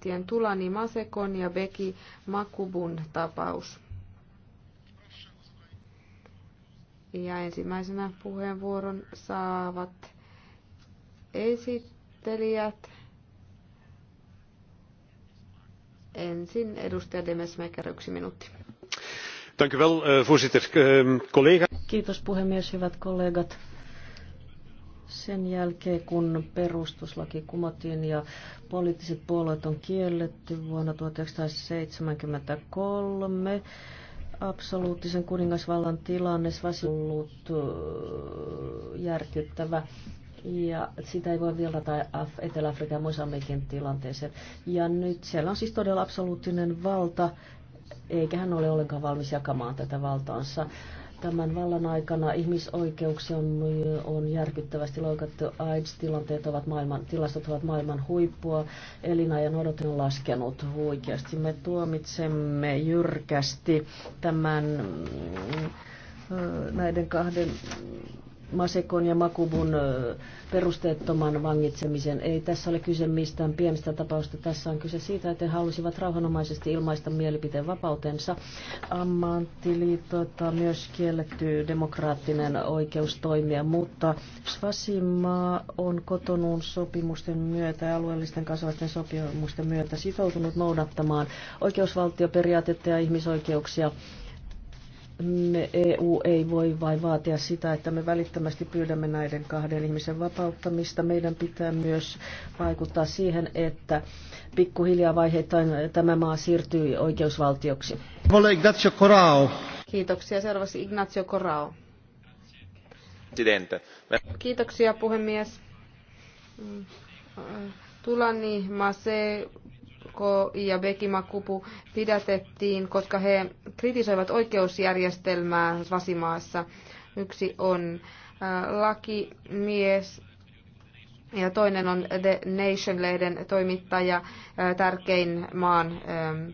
Tien Tulani Masekon ja Beki Makubun tapaus. Ja ensimmäisenä puheenvuoron saavat esittelijät. Ensin edustaja Demesmeker, yksi minuutti. Eh, ehm, Kiitos puhemies, hyvät kollegat sen jälkeen, kun perustuslaki kumottiin ja poliittiset puolueet on kielletty vuonna 1973, absoluuttisen kuningasvallan tilanne on ollut järkyttävä. Ja sitä ei voi verrata Etelä-Afrikan ja Mosambikin tilanteeseen. Ja nyt siellä on siis todella absoluuttinen valta, eikä hän ole ollenkaan valmis jakamaan tätä valtaansa. Tämän vallan aikana ihmisoikeuksia on, on järkyttävästi loukattu. AIDS-tilanteet ovat maailman, tilastot ovat maailman huippua. Elinajan odot on laskenut huikeasti. Me tuomitsemme jyrkästi tämän mm, näiden kahden Masekon ja Makubun perusteettoman vangitsemisen. Ei tässä ole kyse mistään pienestä tapausta. Tässä on kyse siitä, että he halusivat rauhanomaisesti ilmaista mielipiteen vapautensa. tota, myös kielletty demokraattinen oikeus toimia, mutta Svasimaa on kotonuun sopimusten myötä ja alueellisten kansalaisten sopimusten myötä sitoutunut noudattamaan oikeusvaltioperiaatetta ja ihmisoikeuksia me EU ei voi vain vaatia sitä, että me välittömästi pyydämme näiden kahden ihmisen vapauttamista. Meidän pitää myös vaikuttaa siihen, että pikkuhiljaa vaiheittain tämä maa siirtyy oikeusvaltioksi. Ignazio Kiitoksia. Seuraavaksi Ignacio Corao. Kiitoksia puhemies. Tulani Mase Ko ja Bekima Kupu pidätettiin, koska he kritisoivat oikeusjärjestelmää Vasimaassa. Yksi on äh, lakimies ja toinen on The Nation-lehden toimittaja, äh, tärkein maan, ähm,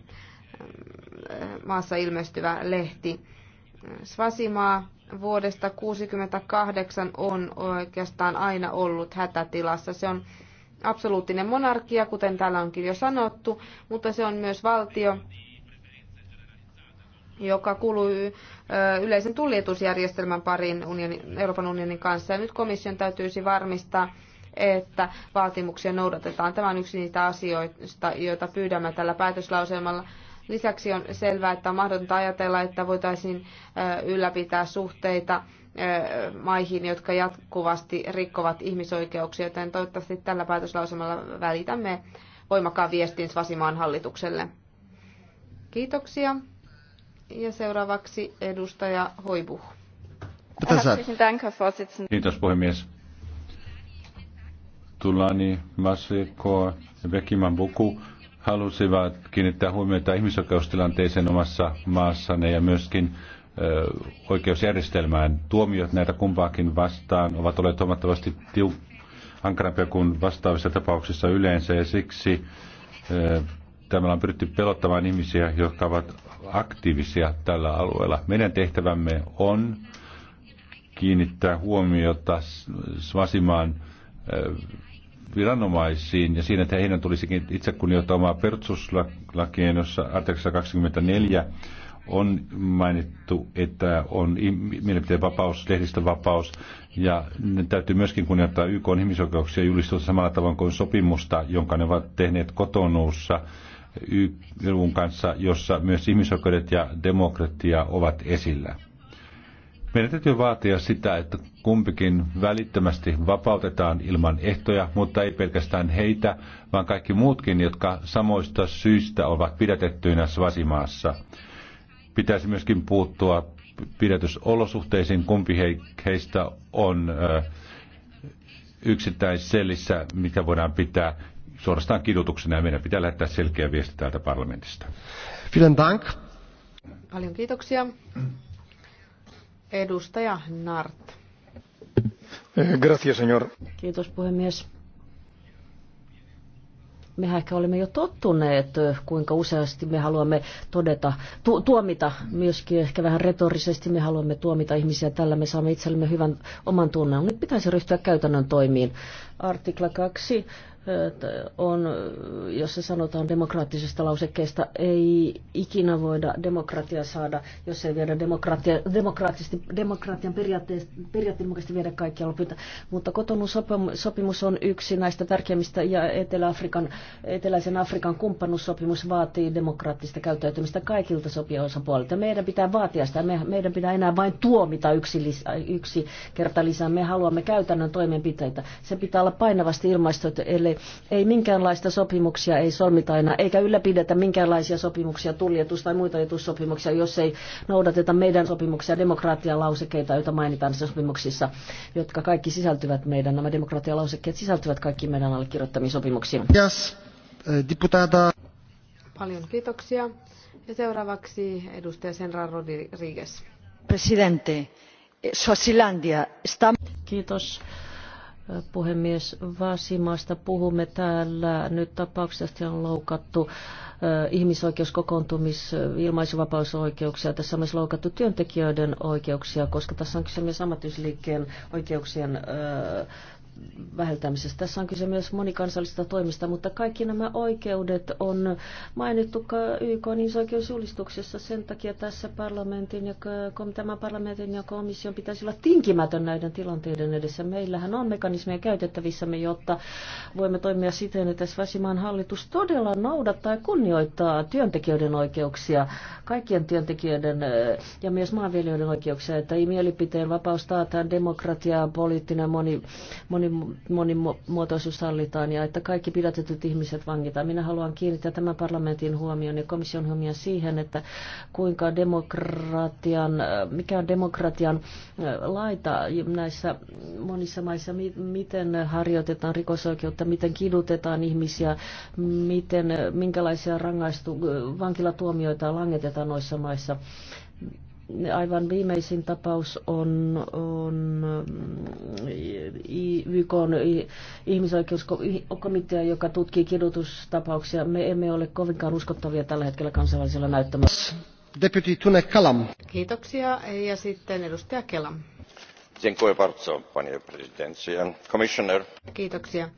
äh, maassa ilmestyvä lehti. Svasimaa vuodesta 1968 on oikeastaan aina ollut hätätilassa. Se on absoluuttinen monarkia, kuten täällä onkin jo sanottu, mutta se on myös valtio, joka kuuluu yleisen tuljetusjärjestelmän parin unionin, Euroopan unionin kanssa. Ja nyt komission täytyisi varmistaa, että vaatimuksia noudatetaan. Tämä on yksi niitä asioita, joita pyydämme tällä päätöslauselmalla. Lisäksi on selvää, että on mahdotonta ajatella, että voitaisiin ylläpitää suhteita maihin, jotka jatkuvasti rikkovat ihmisoikeuksia, joten toivottavasti tällä päätöslausemalla välitämme voimakkaan viestin Svasimaan hallitukselle. Kiitoksia. Ja seuraavaksi edustaja Hoibuh. Kiitos puhemies. Tulani Masiko ja Vekiman Buku halusivat kiinnittää huomiota ihmisoikeustilanteeseen omassa maassanne ja myöskin oikeusjärjestelmään. Tuomiot näitä kumpaakin vastaan ovat olleet huomattavasti tiu- ankarampia kuin vastaavissa tapauksissa yleensä ja siksi tämä on pyritty pelottamaan ihmisiä, jotka ovat aktiivisia tällä alueella. Meidän tehtävämme on kiinnittää huomiota Svasimaan viranomaisiin ja siinä, että heidän tulisikin itse kunnioittaa omaa perustuslakien, jossa artikla 24 on mainittu, että on mielipiteen vapaus, lehdistön vapaus, ja ne täytyy myöskin kunnioittaa YK on ihmisoikeuksia julistusta samalla tavoin kuin sopimusta, jonka ne ovat tehneet kotonuussa YKn kanssa, jossa myös ihmisoikeudet ja demokratia ovat esillä. Meidän täytyy vaatia sitä, että kumpikin välittömästi vapautetaan ilman ehtoja, mutta ei pelkästään heitä, vaan kaikki muutkin, jotka samoista syistä ovat pidätettyinä Svasimaassa. Pitäisi myöskin puuttua pidätysolosuhteisiin, kumpi heistä on yksittäisellissä, mitä voidaan pitää suorastaan kidutuksena, ja meidän pitää lähettää selkeä viesti täältä parlamentista. Vielen dank. Paljon kiitoksia. Edustaja Nart. Gracias, señor. Kiitos puhemies mehän ehkä olemme jo tottuneet, kuinka useasti me haluamme todeta, tu, tuomita, myöskin ehkä vähän retorisesti me haluamme tuomita ihmisiä, tällä me saamme itsellemme hyvän oman tunnan. Nyt pitäisi ryhtyä käytännön toimiin. Artikla 2 on, jos se sanotaan demokraattisesta lausekkeesta, ei ikinä voida demokratia saada, jos ei viedä demokratia, demokraattisesti, demokratian periaatteen mukaisesti viedä kaikkia lopulta. Mutta kotonun sopimus on yksi näistä tärkeimmistä ja Etelä-Afrikan, Eteläisen Afrikan kumppanuussopimus vaatii demokraattista käyttäytymistä kaikilta sopijaosapuolilta. Meidän pitää vaatia sitä, meidän pitää enää vain tuomita yksi, lisä, yksi kerta lisää. Me haluamme käytännön toimenpiteitä. Se pitää olla painavasti ilmaistu, ellei ei, minkäänlaista sopimuksia ei solmita aina, eikä ylläpidetä minkäänlaisia sopimuksia, tuljetus- tai muita etussopimuksia, jos ei noudateta meidän sopimuksia, demokratialausekkeita, joita mainitaan sopimuksissa, jotka kaikki sisältyvät meidän, nämä demokratialausekkeet sisältyvät kaikki meidän allekirjoittamiin sopimuksiin. Yes. Eh, Diputata. Paljon kiitoksia. Ja seuraavaksi edustaja Senra Rodriguez. Presidente, Suosilandia. Kiitos puhemies Vasimasta. Puhumme täällä nyt tapauksesta, on loukattu eh, ihmisoikeuskokoontumis- ilmaisuvapausoikeuksia. Tässä on myös loukattu työntekijöiden oikeuksia, koska tässä on kyse myös ammattiyysliikkeen oikeuksien eh, vältämisestä. Tässä on kyse myös monikansallisista toimista, mutta kaikki nämä oikeudet on mainittu YK ihmisoikeusjulistuksessa. Sen takia tässä parlamentin ja, tämän parlamentin ja komission pitäisi olla tinkimätön näiden tilanteiden edessä. Meillähän on mekanismeja käytettävissämme, jotta voimme toimia siten, että Svasimaan hallitus todella noudattaa ja kunnioittaa työntekijöiden oikeuksia, kaikkien työntekijöiden ja myös maanviljelijöiden oikeuksia, että ei mielipiteen vapaus taataan demokratia, poliittinen moni, moni monimuotoisuus sallitaan ja että kaikki pidätetyt ihmiset vangitaan. Minä haluan kiinnittää tämän parlamentin huomioon ja komission huomioon siihen, että kuinka demokratian, äh, mikä on demokratian äh, laita näissä monissa maissa, miten harjoitetaan rikosoikeutta, miten kidutetaan ihmisiä, miten, äh, minkälaisia rangaistu, vankilatuomioita langetetaan noissa maissa Aivan viimeisin tapaus on, on mm, YK ihmisoikeuskomitea, joka tutkii kidutustapauksia. Me emme ole kovinkaan uskottavia tällä hetkellä kansainvälisellä näyttämässä. Deputy Tune Kalam. Kiitoksia. Ja sitten edustaja Kelam. Kiitoksia.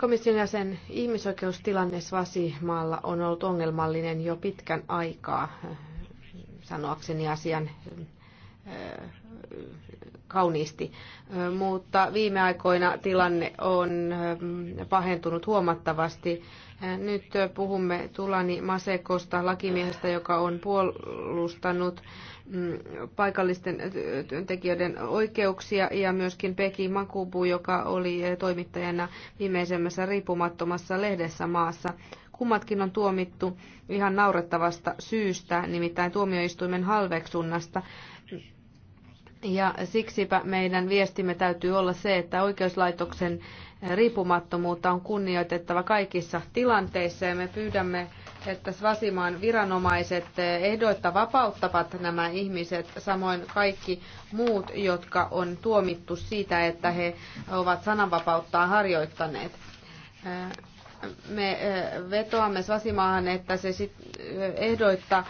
Komission jäsen ihmisoikeustilanne Svasi-maalla on ollut ongelmallinen jo pitkän aikaa sanoakseni asian äh, kauniisti. Mutta viime aikoina tilanne on äh, pahentunut huomattavasti. Äh, nyt puhumme Tulani Masekosta, lakimiehestä, joka on puolustanut mm, paikallisten työntekijöiden oikeuksia ja myöskin Peki Makubu, joka oli toimittajana viimeisemmässä riippumattomassa lehdessä maassa. Kummatkin on tuomittu ihan naurettavasta syystä, nimittäin tuomioistuimen halveksunnasta. Ja siksipä meidän viestimme täytyy olla se, että oikeuslaitoksen riippumattomuutta on kunnioitettava kaikissa tilanteissa ja me pyydämme, että Svasimaan viranomaiset ehdoitta vapauttavat nämä ihmiset, samoin kaikki muut, jotka on tuomittu siitä, että he ovat sananvapauttaan harjoittaneet me vetoamme Svasimaahan, että se sit ehdoitta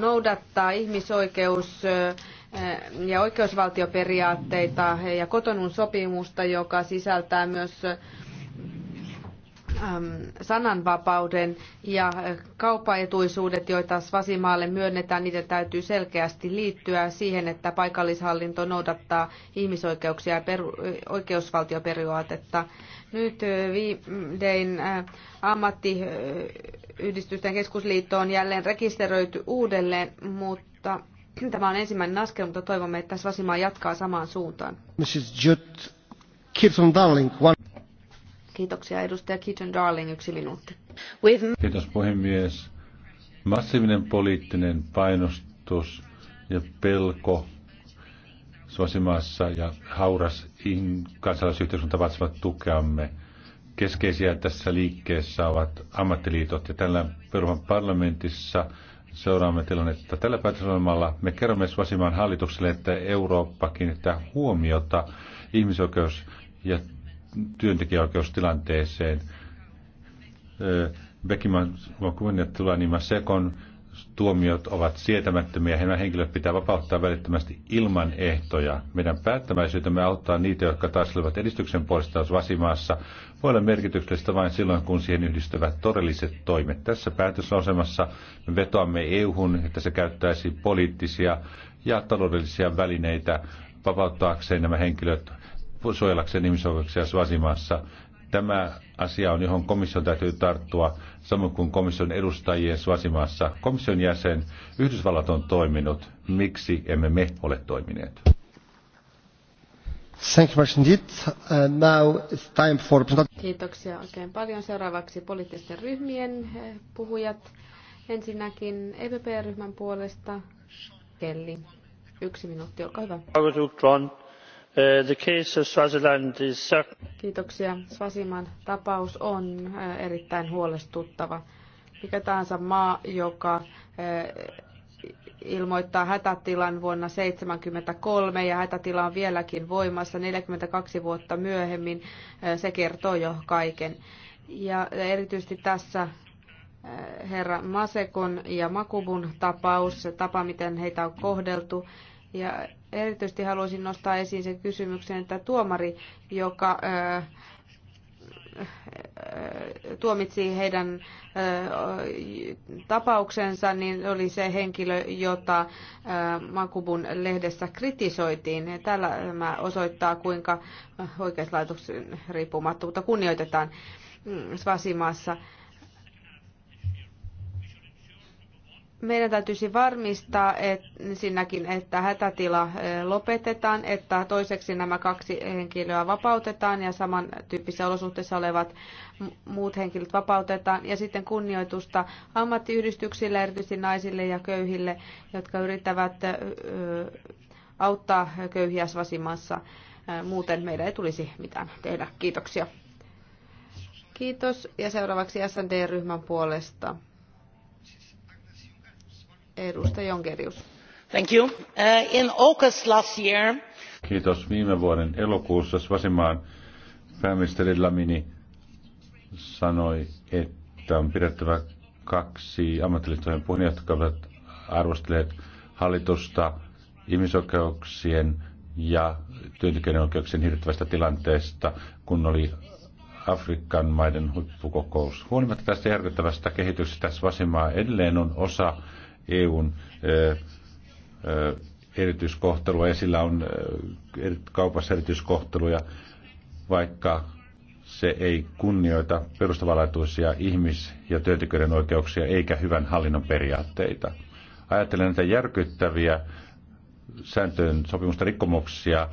noudattaa ihmisoikeus- ja oikeusvaltioperiaatteita ja kotonun sopimusta, joka sisältää myös Ähm, sananvapauden ja kauppaetuisuudet, joita Svasimaalle myönnetään, niitä täytyy selkeästi liittyä siihen, että paikallishallinto noudattaa ihmisoikeuksia ja peru- oikeusvaltioperiaatetta. Nyt äh, viimein äh, ammattiyhdistysten keskusliitto on jälleen rekisteröity uudelleen, mutta tämä on ensimmäinen askel, mutta toivomme, että Svasimaa jatkaa samaan suuntaan. Mrs. Jutt, Darling, one... Kiitoksia edustaja Kitchen Darling, yksi minuutti. Kiitos puhemies. Massiivinen poliittinen painostus ja pelko suosimaassa ja hauras kansalaisyhteiskunta vaativat tukeamme. Keskeisiä tässä liikkeessä ovat ammattiliitot ja tällä Euroopan parlamentissa seuraamme tilannetta. Tällä päätösohjelmalla me kerromme Suosimaan hallitukselle, että Eurooppa kiinnittää huomiota ihmisoikeus- ja työntekijäoikeustilanteeseen. Bekiman Tulaniman Sekon tuomiot ovat sietämättömiä. Nämä henkilöt pitää vapauttaa välittömästi ilman ehtoja. Meidän päättäväisyytemme auttaa niitä, jotka taistelevat edistyksen puolesta Vasimaassa, voi olla merkityksellistä vain silloin, kun siihen yhdistyvät todelliset toimet. Tässä päätöslausemassa me vetoamme EUhun, että se käyttäisi poliittisia ja taloudellisia välineitä vapauttaakseen nämä henkilöt suojellakseen ihmisoikeuksia Suasimaassa. Tämä asia on, johon komission täytyy tarttua, samoin kuin komission edustajien Suasimaassa. Komission jäsen Yhdysvallat on toiminut. Miksi emme me ole toimineet? Thank you much indeed. Uh, now it's time for... Kiitoksia oikein paljon. Seuraavaksi poliittisten ryhmien eh, puhujat. Ensinnäkin EPP-ryhmän puolesta Kelli. Yksi minuutti, olkaa hyvä. Uh, the case of Swaziland is Kiitoksia. Swaziman tapaus on uh, erittäin huolestuttava. Mikä tahansa maa, joka uh, ilmoittaa hätätilan vuonna 1973 ja hätätila on vieläkin voimassa 42 vuotta myöhemmin. Se kertoo jo kaiken. Ja erityisesti tässä herra Masekon ja Makubun tapaus, tapa miten heitä on kohdeltu, ja erityisesti haluaisin nostaa esiin sen kysymyksen, että tuomari, joka tuomitsi heidän tapauksensa, niin oli se henkilö, jota Makubun lehdessä kritisoitiin. Tällä osoittaa, kuinka oikeuslaitoksen riippumattomuutta kunnioitetaan mm, Svasimaassa. meidän täytyisi varmistaa ensinnäkin, että hätätila lopetetaan, että toiseksi nämä kaksi henkilöä vapautetaan ja samantyyppisissä olosuhteissa olevat muut henkilöt vapautetaan. Ja sitten kunnioitusta ammattiyhdistyksille, erityisesti naisille ja köyhille, jotka yrittävät auttaa köyhiä svasimassa. Muuten meidän ei tulisi mitään tehdä. Kiitoksia. Kiitos ja seuraavaksi SND-ryhmän puolesta. Uh, in August last year... Kiitos. Viime vuoden elokuussa Svasimaan pääministeri Lamini sanoi, että on pidettävä kaksi ammattiliittojen puheenjohtajaa, jotka ovat arvostelleet hallitusta ihmisoikeuksien ja työntekijöiden oikeuksien hirvittävästä tilanteesta, kun oli Afrikan maiden huippukokous. Huolimatta tästä järkyttävästä kehityksestä Svasimaa edelleen on osa EUn eh, eh, erityiskohtelua ja sillä on eh, kaupassa erityiskohteluja, vaikka se ei kunnioita perustavanlaatuisia ihmis- ja työntekijöiden oikeuksia eikä hyvän hallinnon periaatteita. Ajattelen näitä järkyttäviä sääntöjen sopimusta rikkomuksia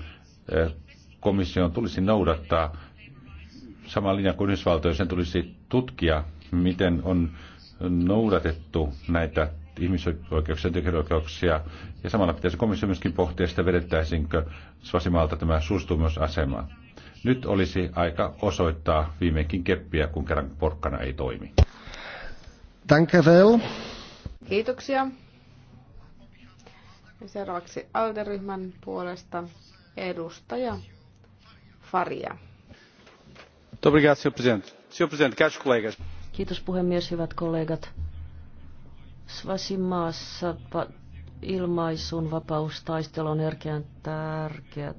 komission tulisi noudattaa sama linja kuin Yhdysvaltojen, sen tulisi tutkia, miten on noudatettu näitä ihmisoikeuksien ja Ja samalla pitäisi komissio myöskin pohtia sitä, vedettäisinkö Svasimaalta tämä suostumusasema. Nyt olisi aika osoittaa viimeinkin keppiä, kun kerran porkkana ei toimi. Danke Kiitoksia. Ja seuraavaksi Alderyhmän puolesta edustaja Faria. Kiitos puhemies, hyvät kollegat Svasin maassa ilmaisun vapaustaistelu on tärkeää.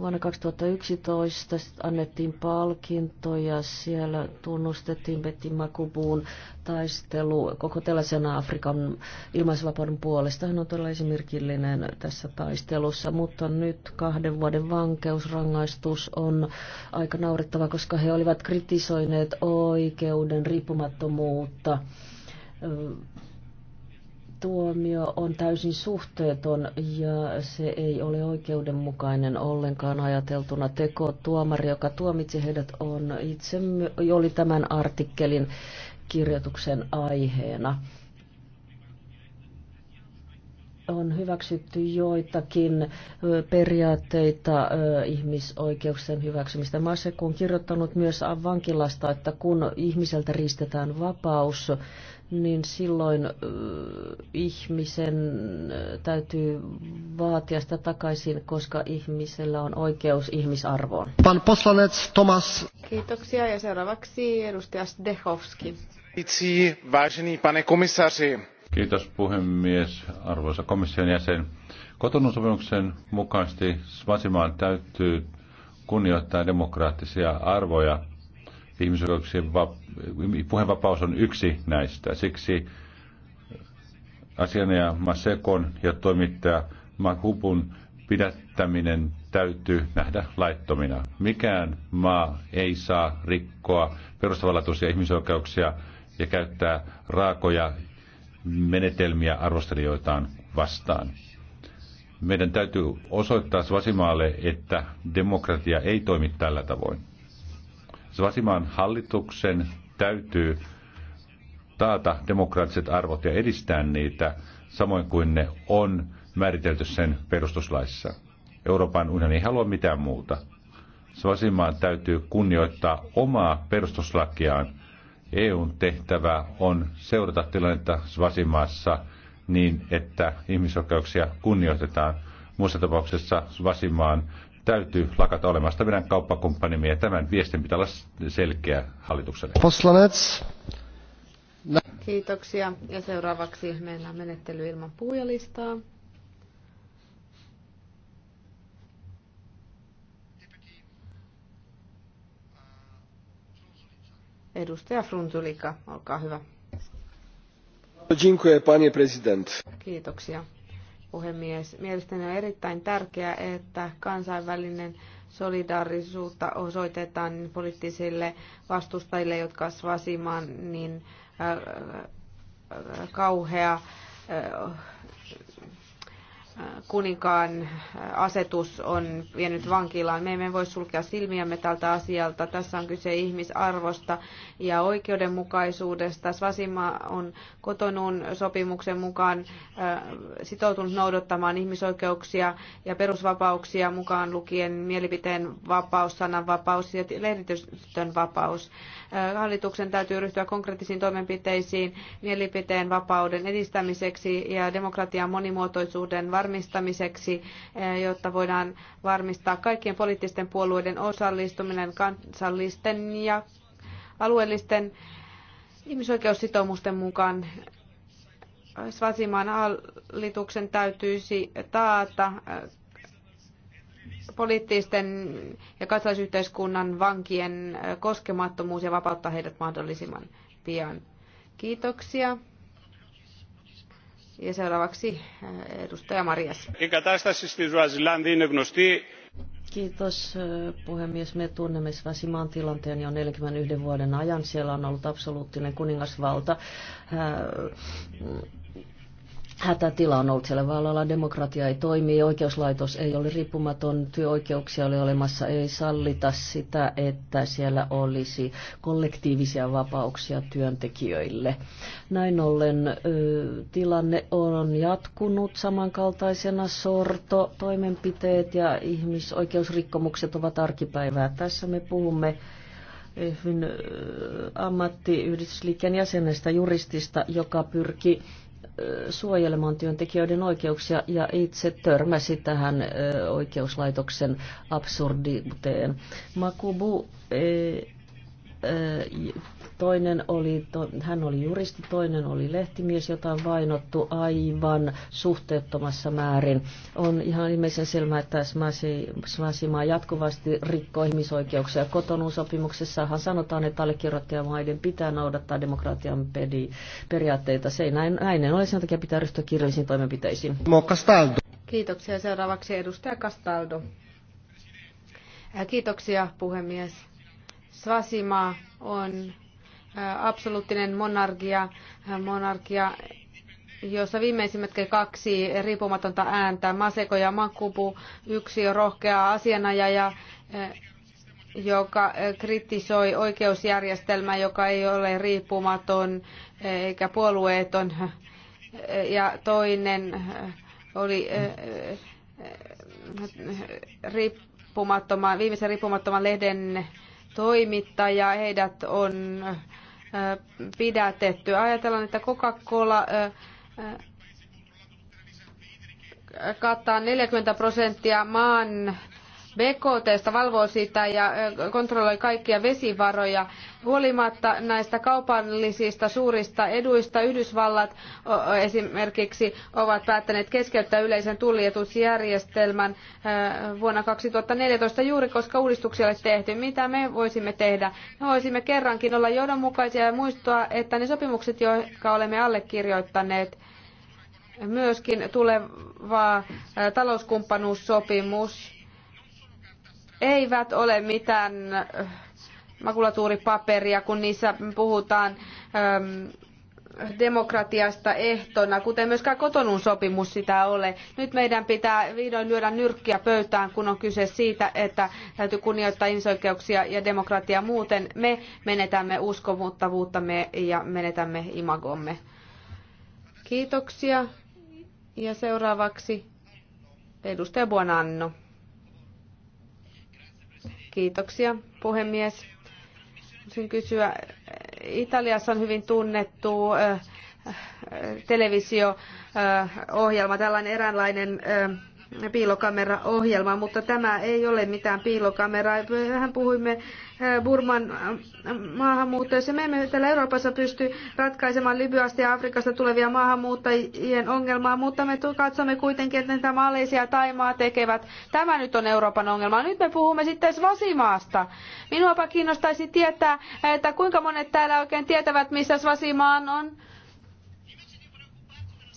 Vuonna 2011 annettiin palkintoja, siellä tunnustettiin Betty Makubuun taistelu koko tällaisena Afrikan ilmaisvapauden puolesta. Hän on todella esimerkillinen tässä taistelussa, mutta nyt kahden vuoden vankeusrangaistus on aika naurettava, koska he olivat kritisoineet oikeuden riippumattomuutta tuomio on täysin suhteeton ja se ei ole oikeudenmukainen ollenkaan ajateltuna teko. Tuomari, joka tuomitsi heidät, on itse, oli tämän artikkelin kirjoituksen aiheena. On hyväksytty joitakin periaatteita ihmisoikeuksien hyväksymistä. Masek on kirjoittanut myös vankilasta, että kun ihmiseltä riistetään vapaus, niin silloin ihmisen täytyy vaatia sitä takaisin, koska ihmisellä on oikeus ihmisarvoon. Pan poslanec Tomas. Kiitoksia ja seuraavaksi edustaja Dehovski. Vážený pane komisaři. Kiitos puhemies, arvoisa komission jäsen. Kotonun sopimuksen mukaisesti Svasimaan täytyy kunnioittaa demokraattisia arvoja Ihmisoikeuksien puheenvapaus on yksi näistä. Siksi asianajaja Masekon ja toimittaja Makupun pidättäminen täytyy nähdä laittomina. Mikään maa ei saa rikkoa perustavanlaatuisia ihmisoikeuksia ja käyttää raakoja menetelmiä arvostelijoitaan vastaan. Meidän täytyy osoittaa Svasimaalle, että demokratia ei toimi tällä tavoin. Svasimaan hallituksen täytyy taata demokraattiset arvot ja edistää niitä, samoin kuin ne on määritelty sen perustuslaissa. Euroopan unioni ei halua mitään muuta. Svasimaan täytyy kunnioittaa omaa perustuslakiaan. EUn tehtävä on seurata tilannetta Svasimaassa niin, että ihmisoikeuksia kunnioitetaan. Muussa tapauksessa Svasimaan täytyy lakata olemasta meidän kauppakumppanimme ja tämän viestin pitää olla selkeä hallitukselle. Poslanets. Kiitoksia. Ja seuraavaksi meillä on menettely ilman puhujalistaa. Edustaja Fruntulika, olkaa hyvä. Dziękuję, panie prezydent. Kiitoksia puhemies. Mielestäni on erittäin tärkeää, että kansainvälinen solidaarisuutta osoitetaan poliittisille vastustajille, jotka ovat niin äh, äh, kauhea äh, kuninkaan äh, asetus on vienyt vankilaan. Me emme voi sulkea silmiämme tältä asialta. Tässä on kyse ihmisarvosta ja oikeudenmukaisuudesta. Svasima on kotonun sopimuksen mukaan äh, sitoutunut noudattamaan ihmisoikeuksia ja perusvapauksia mukaan lukien mielipiteen vapaus, sananvapaus ja lehdistön vapaus. Äh, hallituksen täytyy ryhtyä konkreettisiin toimenpiteisiin mielipiteen vapauden edistämiseksi ja demokratian monimuotoisuuden varmistamiseksi vahvistamiseksi, eh, jotta voidaan varmistaa kaikkien poliittisten puolueiden osallistuminen kansallisten ja alueellisten ihmisoikeussitoumusten mukaan. Svasimaan hallituksen täytyisi taata eh, poliittisten ja kansalaisyhteiskunnan vankien eh, koskemattomuus ja vapauttaa heidät mahdollisimman pian. Kiitoksia. Ja seuraavaksi äh, edustaja Marias. Kiitos äh, puhemies. Me tunnemme Svasimaan tilanteen jo 41 vuoden ajan. Siellä on ollut absoluuttinen kuningasvalta. Äh, hätätila on ollut siellä vallalla, demokratia ei toimi, oikeuslaitos ei ole riippumaton, työoikeuksia oli olemassa, ei sallita sitä, että siellä olisi kollektiivisia vapauksia työntekijöille. Näin ollen tilanne on jatkunut samankaltaisena, sorto, toimenpiteet ja ihmisoikeusrikkomukset ovat arkipäivää. Tässä me puhumme ammattiyhdistysliikkeen jäsenestä, juristista, joka pyrki suojelemaan työntekijöiden oikeuksia ja itse törmäsi tähän oikeuslaitoksen absurdiuteen. Makubu Toinen oli, hän oli juristi, toinen oli lehtimies, jota on vainottu aivan suhteettomassa määrin. On ihan ilmeisen selvää, että Svasimaa jatkuvasti rikkoo ihmisoikeuksia. Kotonuusopimuksessahan sanotaan, että allekirjoittajamaiden pitää noudattaa demokratian periaatteita. Se ei näin, näin ole, sen takia pitää ryhtyä kirjallisiin toimenpiteisiin. Kiitoksia. Seuraavaksi edustaja Castaldo. Kiitoksia puhemies. Svasima on absoluuttinen monarkia, monarkia jossa viimeisimmät kaksi riippumatonta ääntä, Maseko ja Makupu, yksi on rohkea asianajaja, joka kritisoi oikeusjärjestelmää, joka ei ole riippumaton eikä puolueeton, ja toinen oli riippumattoman, viimeisen riippumattoman lehden toimittaja. Heidät on pidätetty. Ajatellaan, että Coca-Cola kattaa 40 prosenttia maan BKT valvoo sitä ja kontrolloi kaikkia vesivaroja. Huolimatta näistä kaupallisista suurista eduista Yhdysvallat esimerkiksi ovat päättäneet keskeyttää yleisen tullietusjärjestelmän vuonna 2014 juuri koska uudistuksia ei tehty. Mitä me voisimme tehdä? Me voisimme kerrankin olla johdonmukaisia ja muistaa, että ne sopimukset, jotka olemme allekirjoittaneet, myöskin tuleva talouskumppanuussopimus eivät ole mitään äh, makulatuuripaperia, kun niissä puhutaan ähm, demokratiasta ehtona, kuten myöskään kotonun sopimus sitä ole. Nyt meidän pitää vihdoin lyödä nyrkkiä pöytään, kun on kyse siitä, että täytyy kunnioittaa ihmisoikeuksia ja demokratiaa. Muuten me menetämme uskomuttavuuttamme ja menetämme imagomme. Kiitoksia. Ja seuraavaksi edustaja Buonanno. Kiitoksia, puhemies. Voisin kysyä, Italiassa on hyvin tunnettu äh, äh, televisio-ohjelma, äh, tällainen eräänlainen piilokameraohjelma, mutta tämä ei ole mitään piilokameraa. Hän puhuimme eh, Burman eh, maahanmuuttajista. Me emme täällä Euroopassa pysty ratkaisemaan Libyasta ja Afrikasta tulevia maahanmuuttajien ongelmaa, mutta me katsomme kuitenkin, että mitä Malesia ja Taimaa tekevät. Tämä nyt on Euroopan ongelma. Nyt me puhumme sitten Svasimaasta. Minuapa kiinnostaisi tietää, eh, että kuinka monet täällä oikein tietävät, missä Svasimaan on.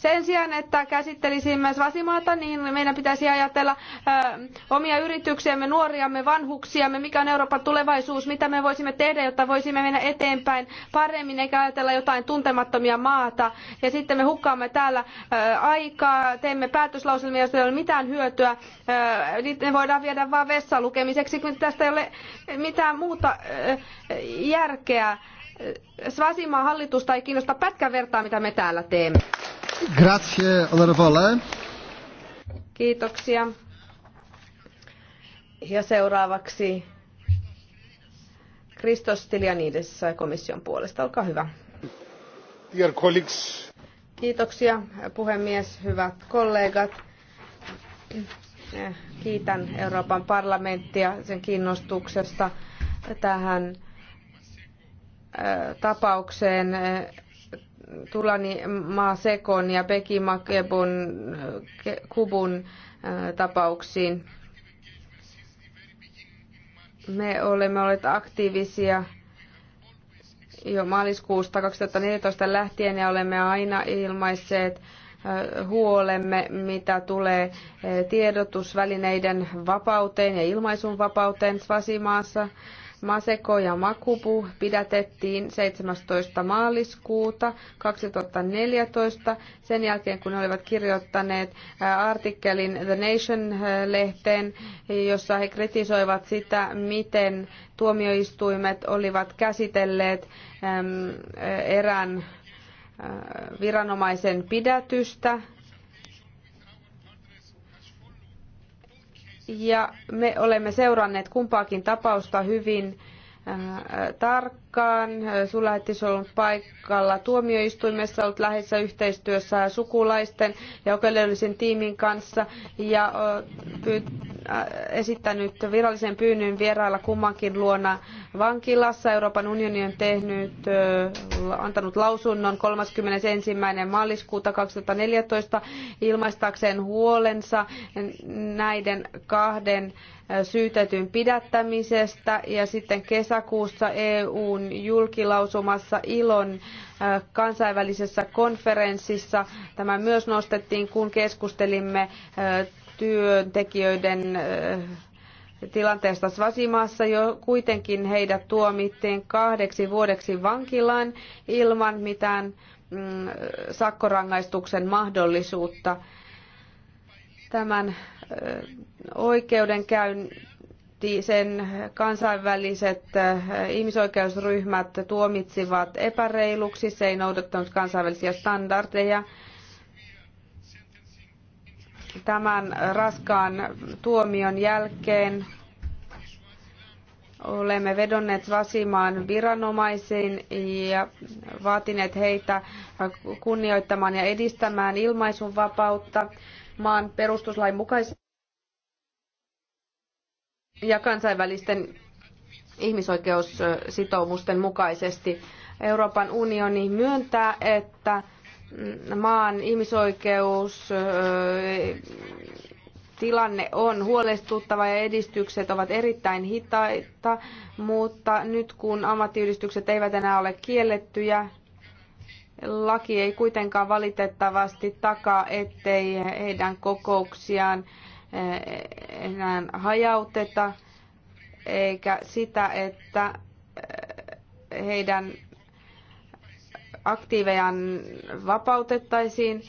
Sen sijaan, että käsittelisimme Svasimaata, niin meidän pitäisi ajatella omia yrityksiämme, nuoriamme, vanhuksiamme, mikä on Euroopan tulevaisuus, mitä me voisimme tehdä, jotta voisimme mennä eteenpäin paremmin, eikä ajatella jotain tuntemattomia maata. Ja sitten me hukkaamme täällä aikaa, teemme päätöslauselmia, joista ei ole mitään hyötyä. Ne voidaan viedä vain vessalukemiseksi, kun tästä ei ole mitään muuta järkeä Svasimaan hallitusta ei kiinnosta pätkän vertaa, mitä me täällä teemme. Grazie, onorevole. Kiitoksia. Ja seuraavaksi Christos Stylianides komission puolesta. Olkaa hyvä. Dear colleagues. Kiitoksia puhemies, hyvät kollegat. Kiitän Euroopan parlamenttia sen kiinnostuksesta tähän tapaukseen Tulani Maasekon ja Beki Makebun Kubun tapauksiin. Me olemme olleet aktiivisia jo maaliskuusta 2014 lähtien ja olemme aina ilmaisseet huolemme, mitä tulee tiedotusvälineiden vapauteen ja ilmaisun vapauteen Svasimaassa. Maseko ja Makupu pidätettiin 17. maaliskuuta 2014 sen jälkeen, kun he olivat kirjoittaneet äh, artikkelin The Nation-lehteen, äh, jossa he kritisoivat sitä, miten tuomioistuimet olivat käsitelleet erään äh, viranomaisen pidätystä ja me olemme seuranneet kumpaakin tapausta hyvin Ähm, tarkkaan. Äh, Sulähettis on ollut paikalla tuomioistuimessa, ollut läheisessä yhteistyössä sukulaisten ja oikeudellisen tiimin kanssa ja äh, esittänyt virallisen pyynnön vierailla kummankin luona vankilassa. Euroopan unioni on tehnyt, antanut lausunnon 31. maaliskuuta 2014 ilmaistakseen huolensa näiden kahden syytetyn pidättämisestä ja sitten kesäkuussa EUn julkilausumassa ilon kansainvälisessä konferenssissa. Tämä myös nostettiin, kun keskustelimme työntekijöiden tilanteesta Svasimassa jo kuitenkin heidät tuomittiin kahdeksi vuodeksi vankilaan ilman mitään mm, sakkorangaistuksen mahdollisuutta. Tämän oikeudenkäynti, sen kansainväliset äh, ihmisoikeusryhmät tuomitsivat epäreiluksi, se ei noudattanut kansainvälisiä standardeja. Tämän raskaan tuomion jälkeen olemme vedonneet Vasimaan viranomaisiin ja vaatineet heitä kunnioittamaan ja edistämään ilmaisunvapautta maan perustuslain mukaisen ja kansainvälisten ihmisoikeussitoumusten mukaisesti. Euroopan unioni myöntää, että maan ihmisoikeus tilanne on huolestuttava ja edistykset ovat erittäin hitaita, mutta nyt kun ammattiyhdistykset eivät enää ole kiellettyjä, Laki ei kuitenkaan valitettavasti takaa, ettei heidän kokouksiaan eh, enää hajauteta, eikä sitä, että eh, heidän aktiivejaan vapautettaisiin.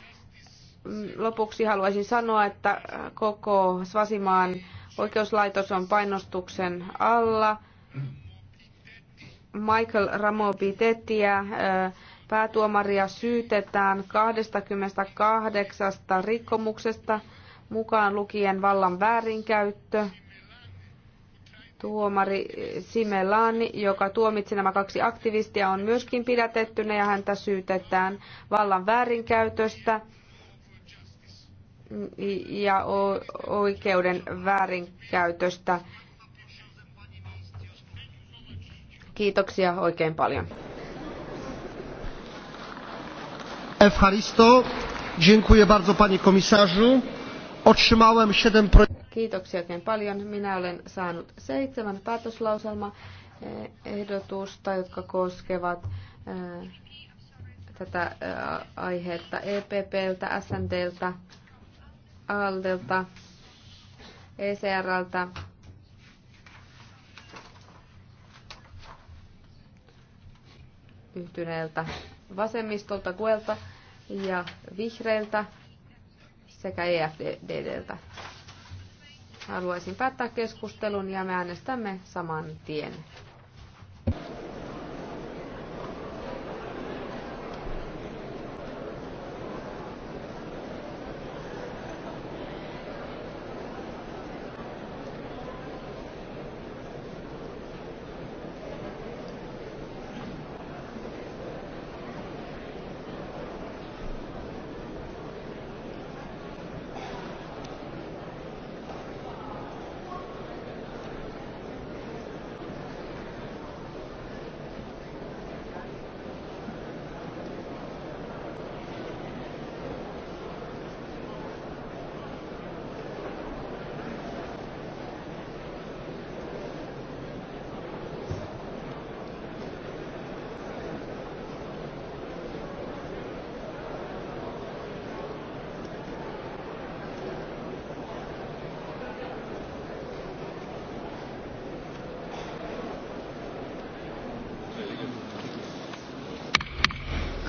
Lopuksi haluaisin sanoa, että koko Svasimaan oikeuslaitos on painostuksen alla. Michael Ramobi Tetiä eh, Päätuomaria syytetään 28 rikkomuksesta, mukaan lukien vallan väärinkäyttö. Tuomari Simelani, joka tuomitsi nämä kaksi aktivistia, on myöskin pidätettynä ja häntä syytetään vallan väärinkäytöstä ja oikeuden väärinkäytöstä. Kiitoksia oikein paljon. Efharisto. Dziękuję bardzo panie komisarzu. Otrzymałem siedem Kiitoksia oikein paljon. Minä olen saanut seitsemän päätöslauselmaehdotusta, eh, jotka koskevat eh, tätä eh, aihetta EPPltä, SNDltä, ALDelta, ECRltä, e yhtyneeltä vasemmistolta, Guelta ja vihreiltä sekä EFDDltä. Haluaisin päättää keskustelun ja me äänestämme saman tien.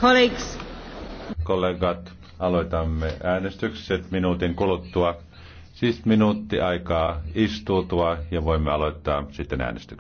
Colleagues. Kollegat, aloitamme äänestykset minuutin kuluttua. Siis minuutti aikaa istuutua ja voimme aloittaa sitten äänestyksen.